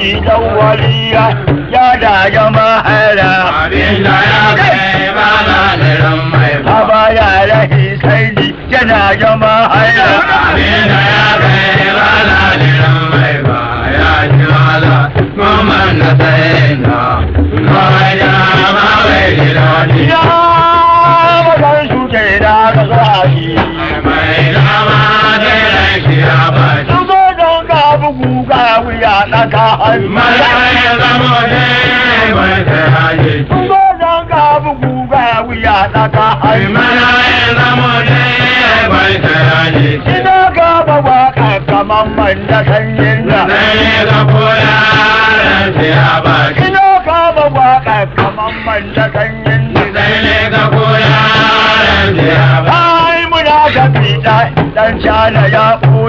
ji dan waliya ya da jama hara abinda ya kai ba lalaran mai ba ba ya rahi sai ji ya da ya kai bugu ga wuya ka hannu. Mala ya zama ne mai ta haye ki. Sojan ga bugu ga wuya ka hannu. Mala ya zama ne mai ta haye ki. Ina gaba waka kamar man da sanyin da. Na yi ga koya a ba. baki. Ina gaba waka kaman man da sanyin da. Na yi ga koya ran siya baki. Ai muna ga fita dan shana ya ɓu.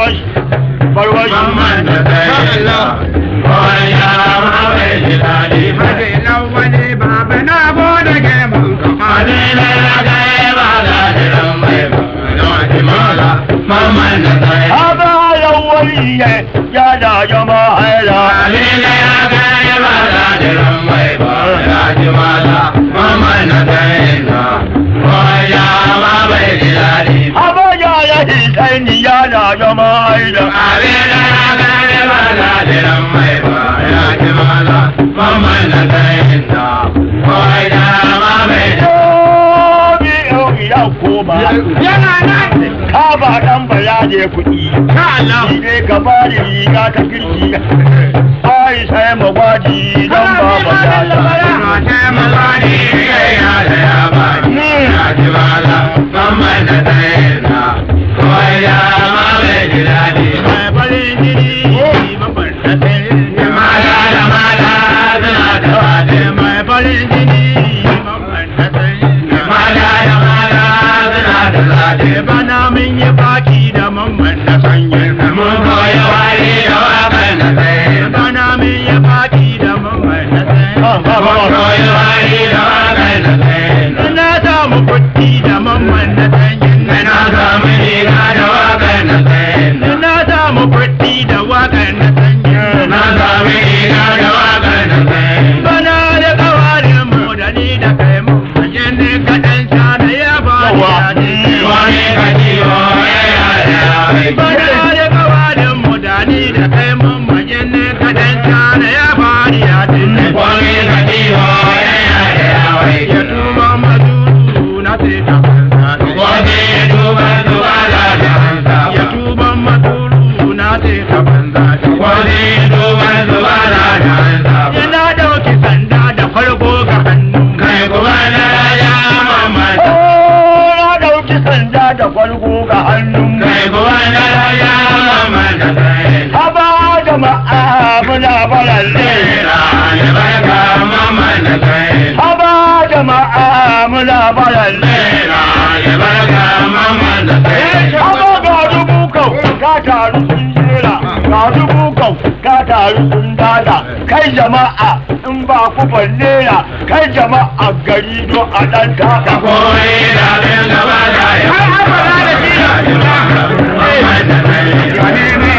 barwashi mama mamman da tsaila koya ma bai ji daɗi ba zai lawale baba na bo da gemun kama na gaya ba da jiran mai ba na wani mala mamman da tsaila ba yawon ya da jama'a ya zai na gaya yana nan ka ba dan bala je kuɗi shi ne ka ba da riga ta kirki ai sai magwaji dan ba ba ta ta ni Mai farin jini, mai farin jini, mun yi baki da mamman na sanyar da mun koyi wari da wakan na sai bana yi baki da mamman na sai ah, ah, ah, mun koyi wari da wakan na sai na da mamman na sanyar muna baralle albarka mama na kai haba jama'a muna baralle albarka mama na kai haba eh, ga dubu kau ka taru sun jera ga dubu kau ka taru sun dada kai jama'a in ba ku ballera kai jama'a gari do a dan ta ka koyi da bin gaba da ya kai haba da shi da jama'a mama na kai